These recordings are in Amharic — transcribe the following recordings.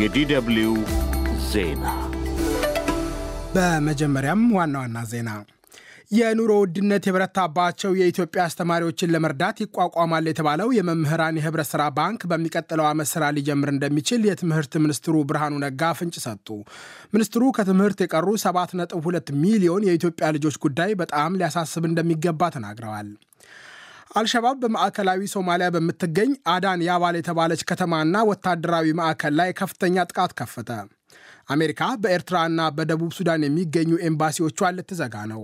የዲደብልዩ ዜና በመጀመሪያም ዋና ዋና ዜና የኑሮ ውድነት የበረታባቸው የኢትዮጵያ አስተማሪዎችን ለመርዳት ይቋቋማል የተባለው የመምህራን የህብረት ሥራ ባንክ በሚቀጥለው ዓመት ሥራ ሊጀምር እንደሚችል የትምህርት ሚኒስትሩ ብርሃኑ ነጋ ፍንጭ ሰጡ። ሚኒስትሩ ከትምህርት የቀሩ 7.2 ሚሊዮን የኢትዮጵያ ልጆች ጉዳይ በጣም ሊያሳስብ እንደሚገባ ተናግረዋል። አልሸባብ በማዕከላዊ ሶማሊያ በምትገኝ አዳን ያባል የተባለች ከተማና ወታደራዊ ማዕከል ላይ ከፍተኛ ጥቃት ከፈተ። አሜሪካ በኤርትራና በደቡብ ሱዳን የሚገኙ ኤምባሲዎቿን ልትዘጋ ነው።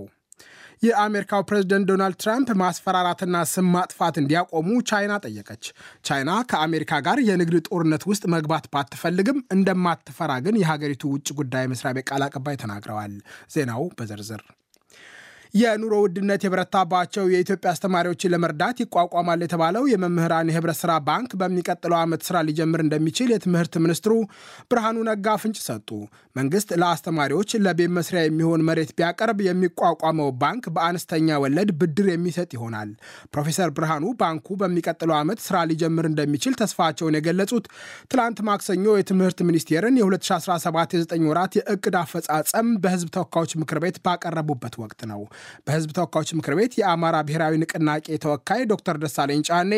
የአሜሪካው ፕሬዝደንት ዶናልድ ትራምፕ ማስፈራራትና ስም ማጥፋት እንዲያቆሙ ቻይና ጠየቀች። ቻይና ከአሜሪካ ጋር የንግድ ጦርነት ውስጥ መግባት ባትፈልግም እንደማትፈራ ግን የሀገሪቱ ውጭ ጉዳይ መስሪያ ቤት ቃል አቀባይ ተናግረዋል። ዜናው በዝርዝር የኑሮ ውድነት የበረታባቸው የኢትዮጵያ አስተማሪዎችን ለመርዳት ይቋቋማል የተባለው የመምህራን የህብረት ስራ ባንክ በሚቀጥለው ዓመት ስራ ሊጀምር እንደሚችል የትምህርት ሚኒስትሩ ብርሃኑ ነጋ ፍንጭ ሰጡ። መንግስት ለአስተማሪዎች ለቤት መስሪያ የሚሆን መሬት ቢያቀርብ የሚቋቋመው ባንክ በአነስተኛ ወለድ ብድር የሚሰጥ ይሆናል። ፕሮፌሰር ብርሃኑ ባንኩ በሚቀጥለው ዓመት ስራ ሊጀምር እንደሚችል ተስፋቸውን የገለጹት ትላንት ማክሰኞ የትምህርት ሚኒስቴርን የ2017 የ9 ወራት የእቅድ አፈጻጸም በህዝብ ተወካዮች ምክር ቤት ባቀረቡበት ወቅት ነው። በህዝብ ተወካዮች ምክር ቤት የአማራ ብሔራዊ ንቅናቄ ተወካይ ዶክተር ደሳለኝ ጫኔ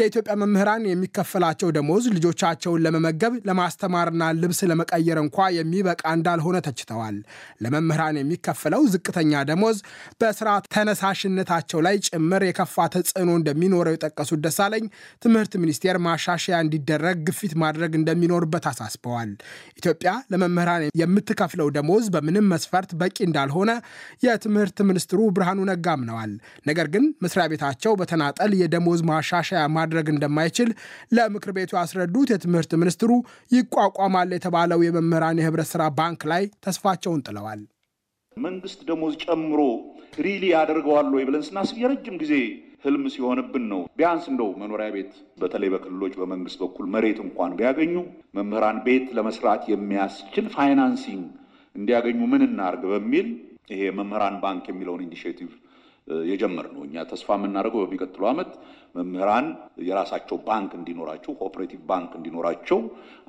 የኢትዮጵያ መምህራን የሚከፈላቸው ደሞዝ ልጆቻቸውን ለመመገብ ለማስተማርና ልብስ ለመቀየር እንኳ የሚበቃ እንዳልሆነ ተችተዋል። ለመምህራን የሚከፈለው ዝቅተኛ ደሞዝ በስራ ተነሳሽነታቸው ላይ ጭምር የከፋ ተጽዕኖ እንደሚኖረው የጠቀሱት ደሳለኝ ትምህርት ሚኒስቴር ማሻሻያ እንዲደረግ ግፊት ማድረግ እንደሚኖርበት አሳስበዋል። ኢትዮጵያ ለመምህራን የምትከፍለው ደሞዝ በምንም መስፈርት በቂ እንዳልሆነ የትምህርት ሚኒስትሩ ብርሃኑ ነጋ አምነዋል። ነገር ግን መስሪያ ቤታቸው በተናጠል የደሞዝ ማሻሻያ ማድረግ እንደማይችል ለምክር ቤቱ ያስረዱት የትምህርት ሚኒስትሩ ይቋቋማል የተባለው የመምህራን የህብረት ስራ ባንክ ላይ ተስፋቸውን ጥለዋል። መንግስት ደሞዝ ጨምሮ ሪሊ ያደርገዋል ወይ ብለን ስናስብ የረጅም ጊዜ ህልም ሲሆንብን ነው። ቢያንስ እንደው መኖሪያ ቤት በተለይ በክልሎች በመንግስት በኩል መሬት እንኳን ቢያገኙ መምህራን ቤት ለመስራት የሚያስችል ፋይናንሲንግ እንዲያገኙ ምን እናርግ በሚል ይሄ መምህራን ባንክ የሚለውን ኢኒሽቲቭ የጀመር ነው። እኛ ተስፋ የምናደርገው በሚቀጥለው ዓመት መምህራን የራሳቸው ባንክ እንዲኖራቸው ኮኦፕሬቲቭ ባንክ እንዲኖራቸው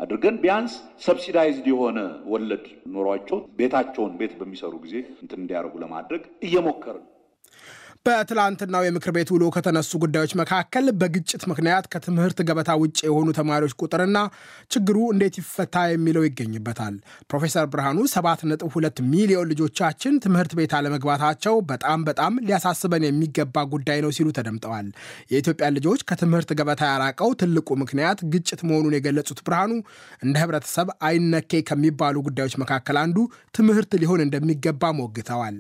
አድርገን ቢያንስ ሰብሲዳይዝድ የሆነ ወለድ ኖሯቸው ቤታቸውን ቤት በሚሰሩ ጊዜ እንትን እንዲያደርጉ ለማድረግ እየሞከርን በትላንትናው የምክር ቤት ውሎ ከተነሱ ጉዳዮች መካከል በግጭት ምክንያት ከትምህርት ገበታ ውጭ የሆኑ ተማሪዎች ቁጥርና ችግሩ እንዴት ይፈታ የሚለው ይገኝበታል። ፕሮፌሰር ብርሃኑ 7.2 ሚሊዮን ልጆቻችን ትምህርት ቤት አለመግባታቸው በጣም በጣም ሊያሳስበን የሚገባ ጉዳይ ነው ሲሉ ተደምጠዋል። የኢትዮጵያ ልጆች ከትምህርት ገበታ ያራቀው ትልቁ ምክንያት ግጭት መሆኑን የገለጹት ብርሃኑ እንደ ህብረተሰብ አይነኬ ከሚባሉ ጉዳዮች መካከል አንዱ ትምህርት ሊሆን እንደሚገባ ሞግተዋል።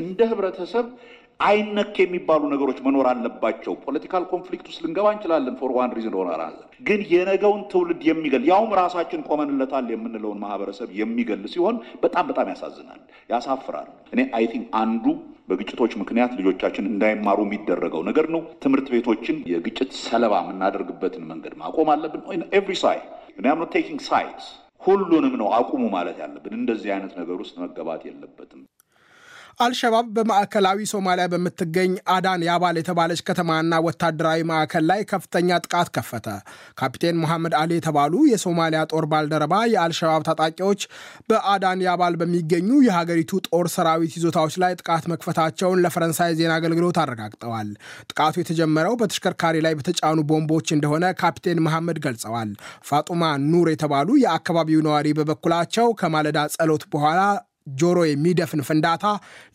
እንደ ህብረተሰብ አይነክ የሚባሉ ነገሮች መኖር አለባቸው። ፖለቲካል ኮንፍሊክት ውስጥ ልንገባ እንችላለን። ፎር ዋን ሪዝን ሆነራለ ግን የነገውን ትውልድ የሚገል ያውም ራሳችን ቆመንለታል የምንለውን ማህበረሰብ የሚገል ሲሆን በጣም በጣም ያሳዝናል፣ ያሳፍራል። እኔ አይ ቲንክ አንዱ በግጭቶች ምክንያት ልጆቻችን እንዳይማሩ የሚደረገው ነገር ነው። ትምህርት ቤቶችን የግጭት ሰለባ የምናደርግበትን መንገድ ማቆም አለብን። ኤቭሪ ሳይ ምናምን ቴኪንግ ሳይድስ ሁሉንም ነው አቁሙ ማለት ያለብን። እንደዚህ አይነት ነገር ውስጥ መገባት የለበትም። አልሸባብ በማዕከላዊ ሶማሊያ በምትገኝ አዳን ያባል የተባለች ከተማና ወታደራዊ ማዕከል ላይ ከፍተኛ ጥቃት ከፈተ። ካፒቴን መሐመድ አሊ የተባሉ የሶማሊያ ጦር ባልደረባ የአልሸባብ ታጣቂዎች በአዳን ያባል በሚገኙ የሀገሪቱ ጦር ሰራዊት ይዞታዎች ላይ ጥቃት መክፈታቸውን ለፈረንሳይ ዜና አገልግሎት አረጋግጠዋል። ጥቃቱ የተጀመረው በተሽከርካሪ ላይ በተጫኑ ቦምቦች እንደሆነ ካፒቴን መሐመድ ገልጸዋል። ፋጡማ ኑር የተባሉ የአካባቢው ነዋሪ በበኩላቸው ከማለዳ ጸሎት በኋላ ጆሮ የሚደፍን ፍንዳታ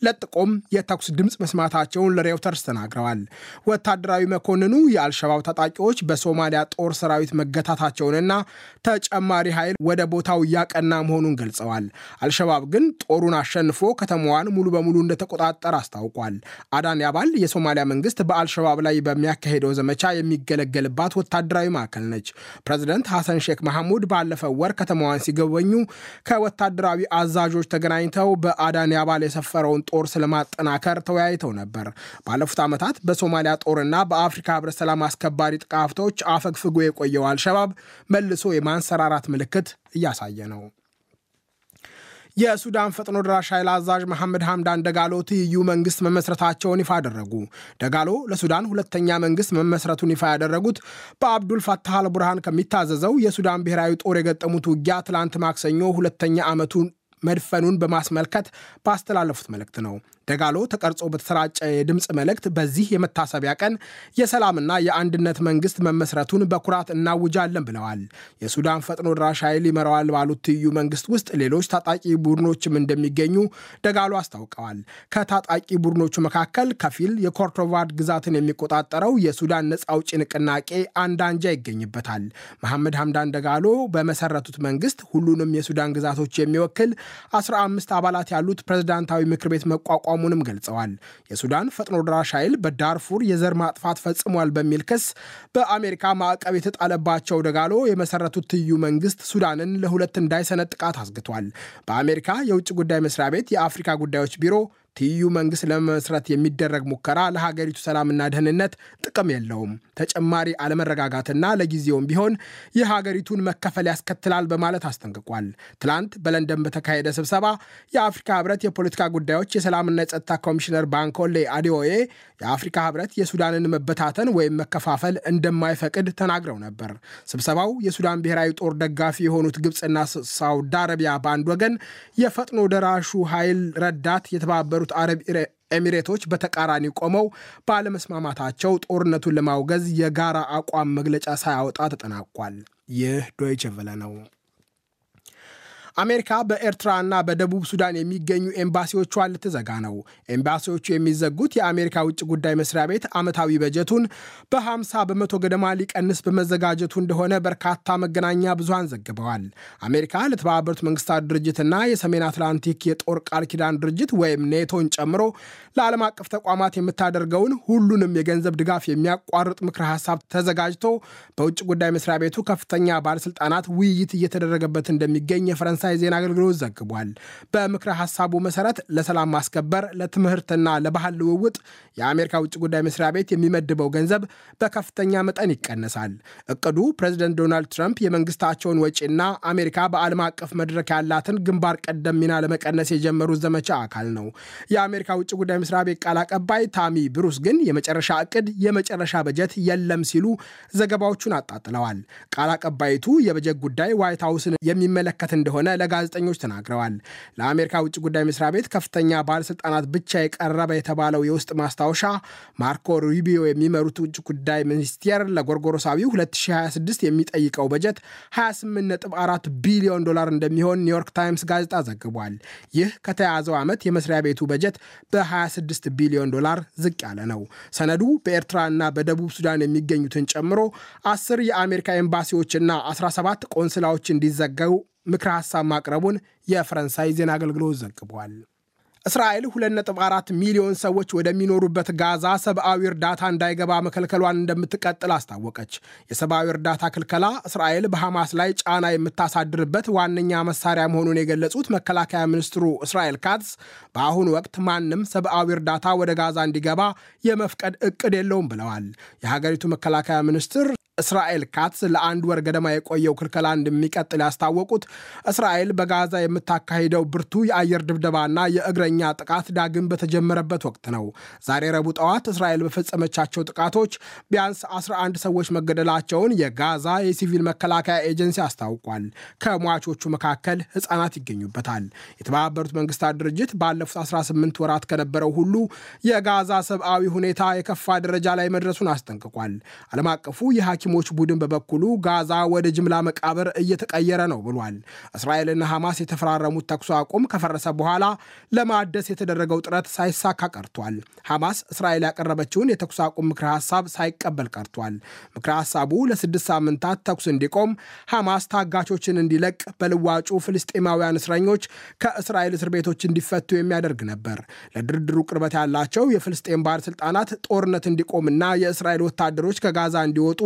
ለጥቆም የተኩስ ድምፅ መስማታቸውን ለሬውተርስ ተናግረዋል። ወታደራዊ መኮንኑ የአልሸባብ ታጣቂዎች በሶማሊያ ጦር ሰራዊት መገታታቸውንና ተጨማሪ ኃይል ወደ ቦታው እያቀና መሆኑን ገልጸዋል። አልሸባብ ግን ጦሩን አሸንፎ ከተማዋን ሙሉ በሙሉ እንደተቆጣጠረ አስታውቋል። አዳን ያባል የሶማሊያ መንግስት በአልሸባብ ላይ በሚያካሄደው ዘመቻ የሚገለገልባት ወታደራዊ ማዕከል ነች። ፕሬዚደንት ሐሰን ሼክ መሐሙድ ባለፈው ወር ከተማዋን ሲጎበኙ ከወታደራዊ አዛዦች ተገና ተገናኝተው በአዳን አባል የሰፈረውን ጦር ስለማጠናከር ተወያይተው ነበር። ባለፉት ዓመታት በሶማሊያ ጦርና በአፍሪካ ህብረት ሰላም አስከባሪ ጥቃፍቶች አፈግፍጎ የቆየው አልሸባብ መልሶ የማንሰራራት ምልክት እያሳየ ነው። የሱዳን ፈጥኖ ደራሽ ኃይል አዛዥ መሐመድ ሐምዳን ደጋሎ ትይዩ መንግስት መመስረታቸውን ይፋ አደረጉ። ደጋሎ ለሱዳን ሁለተኛ መንግስት መመስረቱን ይፋ ያደረጉት በአብዱል ፋታህ አል ቡርሃን ከሚታዘዘው የሱዳን ብሔራዊ ጦር የገጠሙት ውጊያ ትላንት ማክሰኞ ሁለተኛ ዓመቱን መድፈኑን በማስመልከት ባስተላለፉት መልእክት ነው። ደጋሎ ተቀርጾ በተሰራጨ የድምፅ መልእክት በዚህ የመታሰቢያ ቀን የሰላምና የአንድነት መንግስት መመስረቱን በኩራት እናውጃለን ብለዋል። የሱዳን ፈጥኖ ድራሽ ኃይል ይመራዋል ባሉት ትይዩ መንግስት ውስጥ ሌሎች ታጣቂ ቡድኖችም እንደሚገኙ ደጋሎ አስታውቀዋል። ከታጣቂ ቡድኖቹ መካከል ከፊል የኮርቶቫድ ግዛትን የሚቆጣጠረው የሱዳን ነጻ አውጪ ንቅናቄ አንዳንጃ ይገኝበታል። መሐመድ ሐምዳን ደጋሎ በመሰረቱት መንግስት ሁሉንም የሱዳን ግዛቶች የሚወክል 15 አባላት ያሉት ፕሬዝዳንታዊ ምክር ቤት መቋቋሙንም ገልጸዋል። የሱዳን ፈጥኖ ደራሽ ኃይል በዳርፉር የዘር ማጥፋት ፈጽሟል በሚል ክስ በአሜሪካ ማዕቀብ የተጣለባቸው ደጋሎ የመሰረቱት ትዩ መንግስት ሱዳንን ለሁለት እንዳይሰነጥቃት አስግቷል። በአሜሪካ የውጭ ጉዳይ መስሪያ ቤት የአፍሪካ ጉዳዮች ቢሮ ትይዩ መንግስት ለመመስረት የሚደረግ ሙከራ ለሀገሪቱ ሰላምና ደህንነት ጥቅም የለውም፣ ተጨማሪ አለመረጋጋትና ለጊዜውም ቢሆን የሀገሪቱን መከፈል ያስከትላል በማለት አስጠንቅቋል። ትላንት በለንደን በተካሄደ ስብሰባ የአፍሪካ ህብረት የፖለቲካ ጉዳዮች የሰላምና የጸጥታ ኮሚሽነር ባንኮሌ አዴዎዬ የአፍሪካ ህብረት የሱዳንን መበታተን ወይም መከፋፈል እንደማይፈቅድ ተናግረው ነበር። ስብሰባው የሱዳን ብሔራዊ ጦር ደጋፊ የሆኑት ግብፅና ሳውዲ አረቢያ በአንድ ወገን፣ የፈጥኖ ደራሹ ኃይል ረዳት የተባበሩ የተባበሩት አረብ ኤሚሬቶች በተቃራኒ ቆመው ባለመስማማታቸው ጦርነቱን ለማውገዝ የጋራ አቋም መግለጫ ሳያወጣ ተጠናቋል። ይህ ዶይቸ ነው። አሜሪካ በኤርትራና በደቡብ ሱዳን የሚገኙ ኤምባሲዎቿ ልትዘጋ ነው። ኤምባሲዎቹ የሚዘጉት የአሜሪካ ውጭ ጉዳይ መስሪያ ቤት ዓመታዊ በጀቱን በ50 በመቶ ገደማ ሊቀንስ በመዘጋጀቱ እንደሆነ በርካታ መገናኛ ብዙሃን ዘግበዋል። አሜሪካ ለተባበሩት መንግስታት ድርጅትና የሰሜን አትላንቲክ የጦር ቃል ኪዳን ድርጅት ወይም ኔቶን ጨምሮ ለዓለም አቀፍ ተቋማት የምታደርገውን ሁሉንም የገንዘብ ድጋፍ የሚያቋርጥ ምክረ ሀሳብ ተዘጋጅቶ በውጭ ጉዳይ መስሪያ ቤቱ ከፍተኛ ባለስልጣናት ውይይት እየተደረገበት እንደሚገኝ የፈረንሳይ የፈረንሳይ ዜና አገልግሎት ዘግቧል። በምክረ ሀሳቡ መሰረት ለሰላም ማስከበር፣ ለትምህርትና ለባህል ልውውጥ የአሜሪካ ውጭ ጉዳይ መስሪያ ቤት የሚመድበው ገንዘብ በከፍተኛ መጠን ይቀነሳል። እቅዱ ፕሬዚደንት ዶናልድ ትራምፕ የመንግስታቸውን ወጪና አሜሪካ በዓለም አቀፍ መድረክ ያላትን ግንባር ቀደም ሚና ለመቀነስ የጀመሩት ዘመቻ አካል ነው። የአሜሪካ ውጭ ጉዳይ መስሪያ ቤት ቃል አቀባይ ታሚ ብሩስ ግን የመጨረሻ እቅድ፣ የመጨረሻ በጀት የለም ሲሉ ዘገባዎቹን አጣጥለዋል። ቃል አቀባይቱ የበጀት ጉዳይ ዋይት ሀውስን የሚመለከት እንደሆነ ለጋዜጠኞች ተናግረዋል። ለአሜሪካ ውጭ ጉዳይ መስሪያ ቤት ከፍተኛ ባለስልጣናት ብቻ የቀረበ የተባለው የውስጥ ማስታወሻ ማርኮ ሩቢዮ የሚመሩት ውጭ ጉዳይ ሚኒስቴር ለጎርጎሮሳዊው 2026 የሚጠይቀው በጀት 284 ቢሊዮን ዶላር እንደሚሆን ኒውዮርክ ታይምስ ጋዜጣ ዘግቧል። ይህ ከተያዘው ዓመት የመስሪያ ቤቱ በጀት በ26 ቢሊዮን ዶላር ዝቅ ያለ ነው። ሰነዱ በኤርትራና በደቡብ ሱዳን የሚገኙትን ጨምሮ 10 የአሜሪካ ኤምባሲዎችና 17 ቆንስላዎች እንዲዘገቡ ምክረ ሐሳብ ማቅረቡን የፈረንሳይ ዜና አገልግሎት ዘግቧል። እስራኤል 2.4 ሚሊዮን ሰዎች ወደሚኖሩበት ጋዛ ሰብአዊ እርዳታ እንዳይገባ መከልከሏን እንደምትቀጥል አስታወቀች። የሰብአዊ እርዳታ ክልከላ እስራኤል በሐማስ ላይ ጫና የምታሳድርበት ዋነኛ መሳሪያ መሆኑን የገለጹት መከላከያ ሚኒስትሩ እስራኤል ካትስ በአሁኑ ወቅት ማንም ሰብአዊ እርዳታ ወደ ጋዛ እንዲገባ የመፍቀድ እቅድ የለውም ብለዋል። የሀገሪቱ መከላከያ ሚኒስትር እስራኤል ካትስ ለአንድ ወር ገደማ የቆየው ክልከላ እንደሚቀጥል ያስታወቁት እስራኤል በጋዛ የምታካሂደው ብርቱ የአየር ድብደባና የእግረኛ ጥቃት ዳግም በተጀመረበት ወቅት ነው። ዛሬ ረቡዕ ጠዋት እስራኤል በፈጸመቻቸው ጥቃቶች ቢያንስ 11 ሰዎች መገደላቸውን የጋዛ የሲቪል መከላከያ ኤጀንሲ አስታውቋል። ከሟቾቹ መካከል ሕፃናት ይገኙበታል። የተባበሩት መንግስታት ድርጅት ባለፉት 18 ወራት ከነበረው ሁሉ የጋዛ ሰብአዊ ሁኔታ የከፋ ደረጃ ላይ መድረሱን አስጠንቅቋል። ዓለም አቀፉ የሐኪ የሐኪሞች ቡድን በበኩሉ ጋዛ ወደ ጅምላ መቃብር እየተቀየረ ነው ብሏል። እስራኤልና ሐማስ የተፈራረሙት ተኩስ አቁም ከፈረሰ በኋላ ለማደስ የተደረገው ጥረት ሳይሳካ ቀርቷል። ሐማስ እስራኤል ያቀረበችውን የተኩስ አቁም ምክረ ሐሳብ ሳይቀበል ቀርቷል። ምክረ ሐሳቡ ለስድስት ሳምንታት ተኩስ እንዲቆም፣ ሐማስ ታጋቾችን እንዲለቅ፣ በልዋጩ ፍልስጤማውያን እስረኞች ከእስራኤል እስር ቤቶች እንዲፈቱ የሚያደርግ ነበር። ለድርድሩ ቅርበት ያላቸው የፍልስጤም ባለሥልጣናት ጦርነት እንዲቆምና የእስራኤል ወታደሮች ከጋዛ እንዲወጡ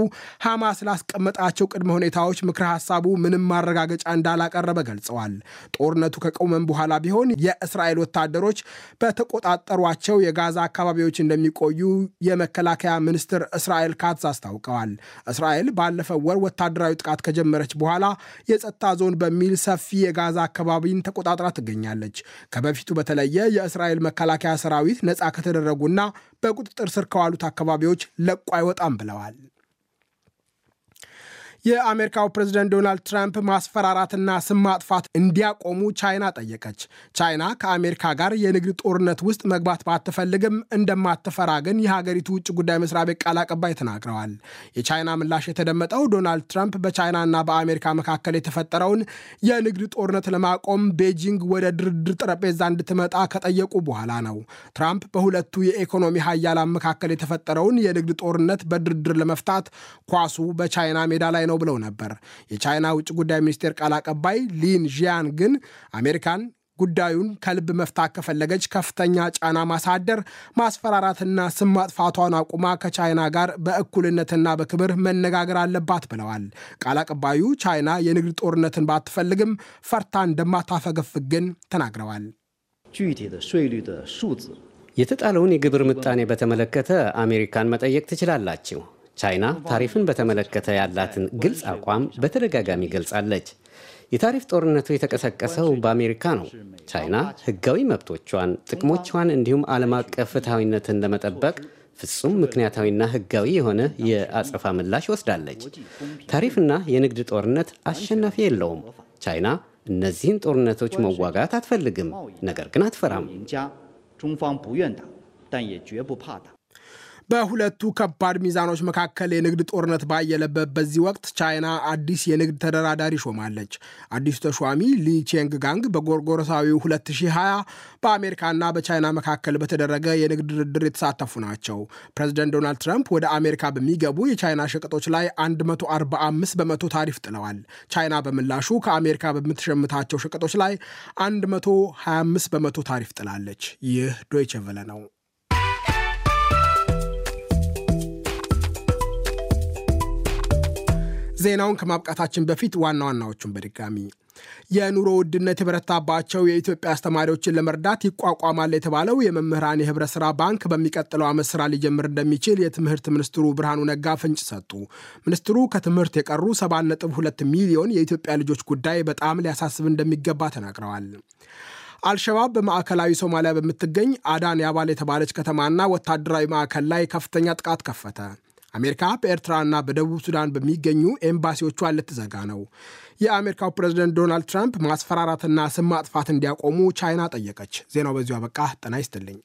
ሐማስ ላስቀመጣቸው ቅድመ ሁኔታዎች ምክረ ሀሳቡ ምንም ማረጋገጫ እንዳላቀረበ ገልጸዋል። ጦርነቱ ከቆመም በኋላ ቢሆን የእስራኤል ወታደሮች በተቆጣጠሯቸው የጋዛ አካባቢዎች እንደሚቆዩ የመከላከያ ሚኒስትር እስራኤል ካትዝ አስታውቀዋል። እስራኤል ባለፈው ወር ወታደራዊ ጥቃት ከጀመረች በኋላ የጸጥታ ዞን በሚል ሰፊ የጋዛ አካባቢን ተቆጣጥራ ትገኛለች። ከበፊቱ በተለየ የእስራኤል መከላከያ ሰራዊት ነፃ ከተደረጉና በቁጥጥር ስር ከዋሉት አካባቢዎች ለቆ አይወጣም ብለዋል። የአሜሪካው ፕሬዝደንት ዶናልድ ትራምፕ ማስፈራራትና ስም ማጥፋት እንዲያቆሙ ቻይና ጠየቀች። ቻይና ከአሜሪካ ጋር የንግድ ጦርነት ውስጥ መግባት ባትፈልግም እንደማትፈራ ግን የሀገሪቱ ውጭ ጉዳይ መስሪያ ቤት ቃል አቀባይ ተናግረዋል። የቻይና ምላሽ የተደመጠው ዶናልድ ትራምፕ በቻይናና በአሜሪካ መካከል የተፈጠረውን የንግድ ጦርነት ለማቆም ቤጂንግ ወደ ድርድር ጠረጴዛ እንድትመጣ ከጠየቁ በኋላ ነው። ትራምፕ በሁለቱ የኢኮኖሚ ሀያላን መካከል የተፈጠረውን የንግድ ጦርነት በድርድር ለመፍታት ኳሱ በቻይና ሜዳ ላይ ነው ብለው ነበር። የቻይና ውጭ ጉዳይ ሚኒስቴር ቃል አቀባይ ሊን ዢያን ግን አሜሪካን ጉዳዩን ከልብ መፍታት ከፈለገች ከፍተኛ ጫና ማሳደር፣ ማስፈራራትና ስም ማጥፋቷን አቁማ ከቻይና ጋር በእኩልነትና በክብር መነጋገር አለባት ብለዋል። ቃል አቀባዩ ቻይና የንግድ ጦርነትን ባትፈልግም ፈርታ እንደማታፈገፍግ ግን ተናግረዋል። የተጣለውን የግብር ምጣኔ በተመለከተ አሜሪካን መጠየቅ ትችላላችሁ። ቻይና ታሪፍን በተመለከተ ያላትን ግልጽ አቋም በተደጋጋሚ ገልጻለች። የታሪፍ ጦርነቱ የተቀሰቀሰው በአሜሪካ ነው። ቻይና ሕጋዊ መብቶቿን፣ ጥቅሞቿን እንዲሁም ዓለም አቀፍ ፍትሐዊነትን ለመጠበቅ ፍጹም ምክንያታዊና ሕጋዊ የሆነ የአጸፋ ምላሽ ወስዳለች። ታሪፍና የንግድ ጦርነት አሸናፊ የለውም። ቻይና እነዚህን ጦርነቶች መዋጋት አትፈልግም፣ ነገር ግን አትፈራም። በሁለቱ ከባድ ሚዛኖች መካከል የንግድ ጦርነት ባየለበት በዚህ ወቅት ቻይና አዲስ የንግድ ተደራዳሪ ሾማለች። አዲሱ ተሿሚ ሊ ቼንግ ጋንግ በጎርጎሮሳዊው 2020 በአሜሪካና በቻይና መካከል በተደረገ የንግድ ድርድር የተሳተፉ ናቸው። ፕሬዚደንት ዶናልድ ትራምፕ ወደ አሜሪካ በሚገቡ የቻይና ሸቀጦች ላይ 145 በመቶ ታሪፍ ጥለዋል። ቻይና በምላሹ ከአሜሪካ በምትሸምታቸው ሸቀጦች ላይ 125 በመቶ ታሪፍ ጥላለች። ይህ ዶይቸ ቬለ ነው። ዜናውን ከማብቃታችን በፊት ዋና ዋናዎቹን በድጋሚ የኑሮ ውድነት የበረታባቸው የኢትዮጵያ አስተማሪዎችን ለመርዳት ይቋቋማል የተባለው የመምህራን የህብረት ሥራ ባንክ በሚቀጥለው ዓመት ስራ ሊጀምር እንደሚችል የትምህርት ሚኒስትሩ ብርሃኑ ነጋ ፍንጭ ሰጡ። ሚኒስትሩ ከትምህርት የቀሩ 7.2 ሚሊዮን የኢትዮጵያ ልጆች ጉዳይ በጣም ሊያሳስብ እንደሚገባ ተናግረዋል። አልሸባብ በማዕከላዊ ሶማሊያ በምትገኝ አዳን ያባል የተባለች ከተማና ወታደራዊ ማዕከል ላይ ከፍተኛ ጥቃት ከፈተ። አሜሪካ በኤርትራና በደቡብ ሱዳን በሚገኙ ኤምባሲዎቿ ልትዘጋ ነው። የአሜሪካው ፕሬዝደንት ዶናልድ ትራምፕ ማስፈራራትና ስም ማጥፋት እንዲያቆሙ ቻይና ጠየቀች። ዜናው በዚሁ አበቃ። ጤና ይስጥልኝ።